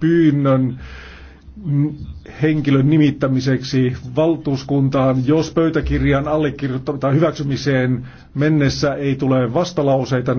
pyynnön henkilön nimittämiseksi valtuuskuntaan, jos pöytäkirjan allekirjoittamiseen hyväksymiseen mennessä ei tule vastalauseita,